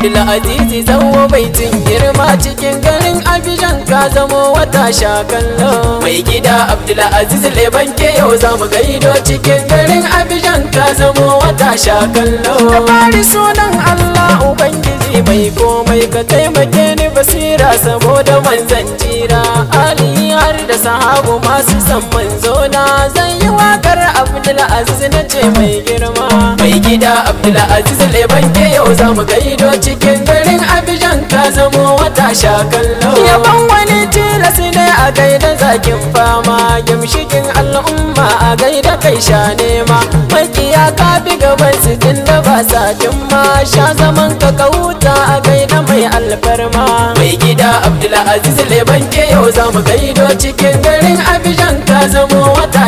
abdulaziz mai baitin girma cikin garin Abidjan ka zamo wata sha mai gida abdulaziz leban ke yau zamu mu gaido cikin garin abijan ka zamo wata sha kallo da sunan allah ubangiji mai komai ka taimake ni basira saboda manzan jira ali har da sahabu masu san Abdulaziz na ce mai girma mai gida Abdulaziz lebanke yau za mu gaido cikin garin Abidjan ka zamo wata shakallo yaban wani tilas ne a gaida zakin fama gimshikin al'umma a gaida kai sha nema makiya ka bi gaban asatin ma sha zaman ka kauta a gaida mai alfarma mai gida abdulaziz leban ke yau za mu gaido cikin garin abijan ka zamo wata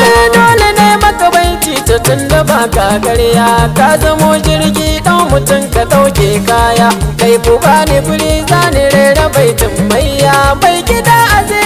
eh dole ne maka baiti ta tunda ba ka karya ka zamo jirgi dan mutum ka dauke kaya kai fuka ne furi zani rera baitin mayya mai gida aziz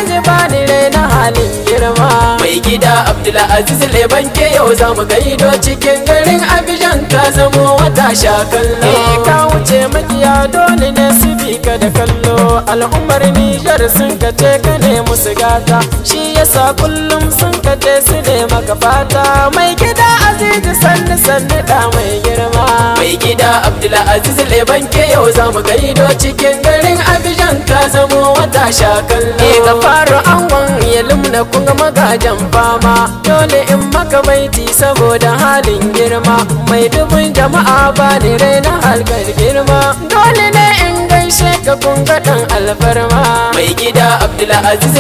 ƙur'anin girma mai gida abdulaziz lebanke yau za mu gaido cikin garin abijan ka zamo wata sha kallo eh, ka wuce makiya dole ne su bi ka da kallo al'ummar nijar sun kace ka ne musu gata shi yasa kullum sun kace su ne maka fata mai gida aziz sanni sanni da mai girma mai gida abdulaziz lebanke yau za mu gaido cikin garin Abidjan ka zamo wata shakan ne eh, ga fara angon ya lumna kunga magajan fama dole in maka baiti saboda halin girma mai dubin jama'a ba ni raina halkar girma dole ne in gaishe ka kun dan alfarma mai gida abdulaziz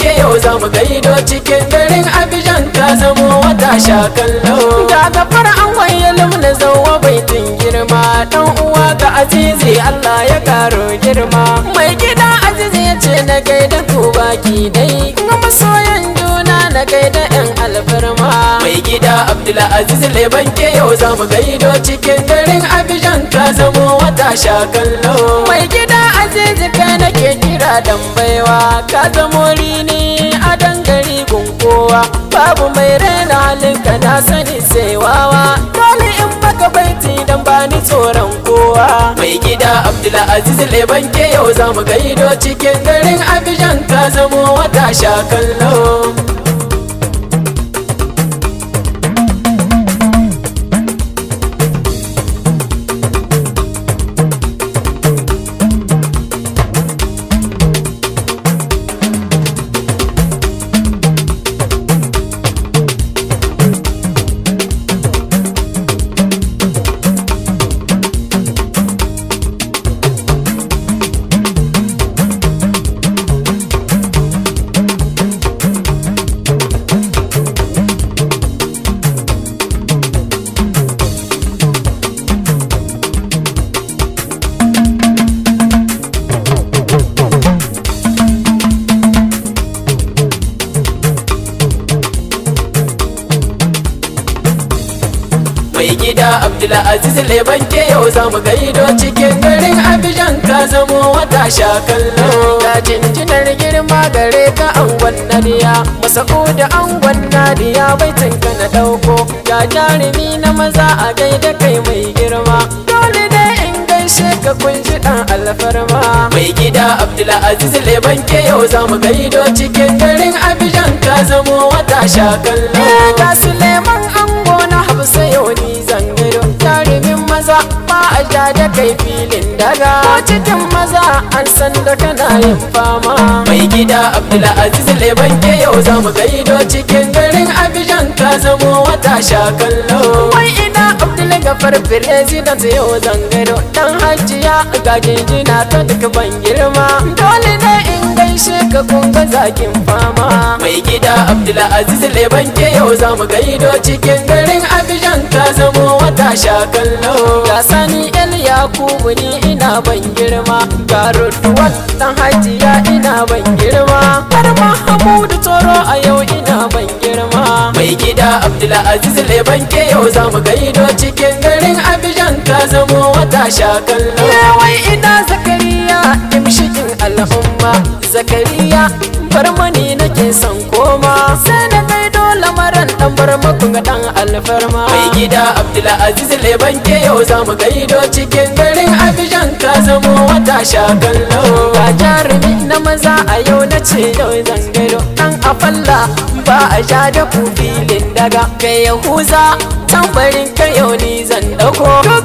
ke yau za mu gaido cikin garin abijan ta zamo wata shakallo da fara an waye lumna zauwa baitin girma dan uwa ga azizi allah ya karo girma mai gida azizi ya ce na gaida ku baki dai kuma masoyan juna na gaida yan alfarma mai gida abdulaziz leban ke yau za mu gaido cikin garin abijan ka zamo wata kallo. mai gida aziz ka nake kira dan baiwa ka zamo rini a dangare gunkowa babu mai raina halinka na sani sai wawa dole in baka baiti dan bani tsoron kowa mai gida abdulaziz leban ke yau za mu gaido cikin garin abijan ka zamo wata kallo. da abdulaziz leban ke yau za mu gaido cikin garin Abidjan, ka zamo wata sha kallo Ta jinjinar girma gare ka angon nadiya masako da angon nadiya bai ka na ɗauko, ya jarumi na maza a gaida kai mai girma gaishe ka kun ji dan alfarma mai gida abdulaziz leban ke yau za mu gaido cikin garin abijan ka zamo wata shakallo ka eh, suleman ango na hafsa yau ni zangirin tarimin maza ba a ja da kai filin daga ko cikin maza an san da kana yin fama mai gida abdulaziz ke yau za mu gaido cikin garin abijan ka zamo wata sha kallo wai ina abdulaziz gafar president yau zan gado dan hajiya ga jinjina ta duk ban girma dole sheka ka kunga zakin fama mai gida abdulaziz leban ke yau za mu gaido cikin garin abijan ta zamo wata sha kallo ga sani el yakubu ni ina ban girma ga rotuwan dan hajiya ina ban girma har ma hamudu toro a yau ina ban girma mai gida abdulaziz leban ke yau za mu gaido cikin garin abijan ta zamo wata sha kallo yawai ina zakariya al'umma zakariya farmani nake son koma sai na kai dole maran dan ga dan alfarma mai gida abdulaziz leban ke yau za mu gaido cikin garin abijan ka zamo wata shakan ga jarumi na maza a yau na ce yau zan gaido dan afalla ba a sha da filin daga kai yahuza tambarin ka yau ni zan dauko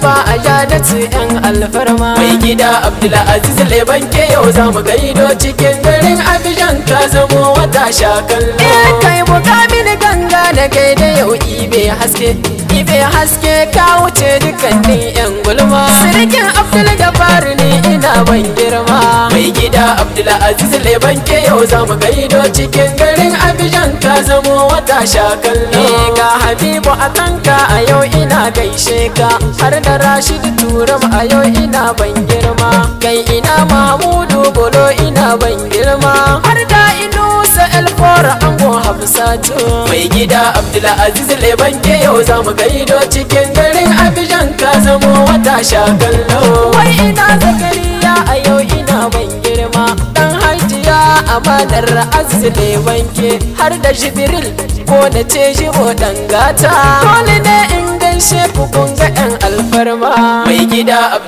ba a janatu yan alfarma mai gida abdulaziz leban ke yau za mu gaido cikin garin abijan ka zamo wata shakallo eh kai mukamin ganga na gaida yau ibe haske ɗibe haske ka wuce dukkanin yan gulma sirkin abdul jabari ne ina ban girma mai gida abdul aziz banke yau zamu gaido cikin garin abijan ka zamo wata shakallo eh, ga habibu a kanka a yau ina gaishe ka har da rashid turam a yau ina ban girma kai ina mahmudu bolo ina ban girma har da inu alfora ango hafsatu mai gida abdulaziz leban lebanke yau za mu gaido cikin garin abijan ka zamo wata shagallo wai ina zakariya a yau ina ban girma dan hajiya amanar aziz lebanke har da jibril ko na ce jibo dan gata dole ne in gidan ku kunga ga yan alfarma mai gida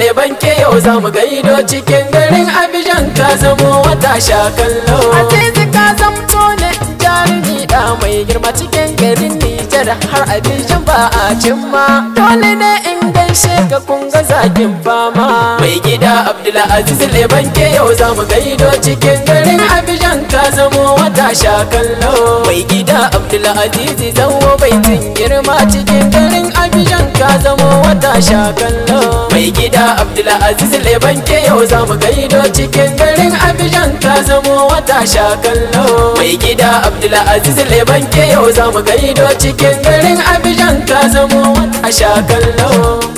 leban ke yau za mu gaido cikin garin abijan ka zamo wata sha kallo aziz ka zamto ne jarumi da mai girma cikin garin nijar har abijan ba a cimma dole ne in gaishe ka kun zagin fama mai gida leban ke yau za mu gaido cikin garin abijan ka sha kallo mai gida abdulaziz zango baitin girma cikin garin abijan ka zamo wata sha kallo mai gida abdulaziz lebanke yau za mu gaido cikin garin abijan ka zamo wata sha kallo mai gida abdulaziz lebanke yau za mu gaido cikin garin abijan ka zamo wata sha kallo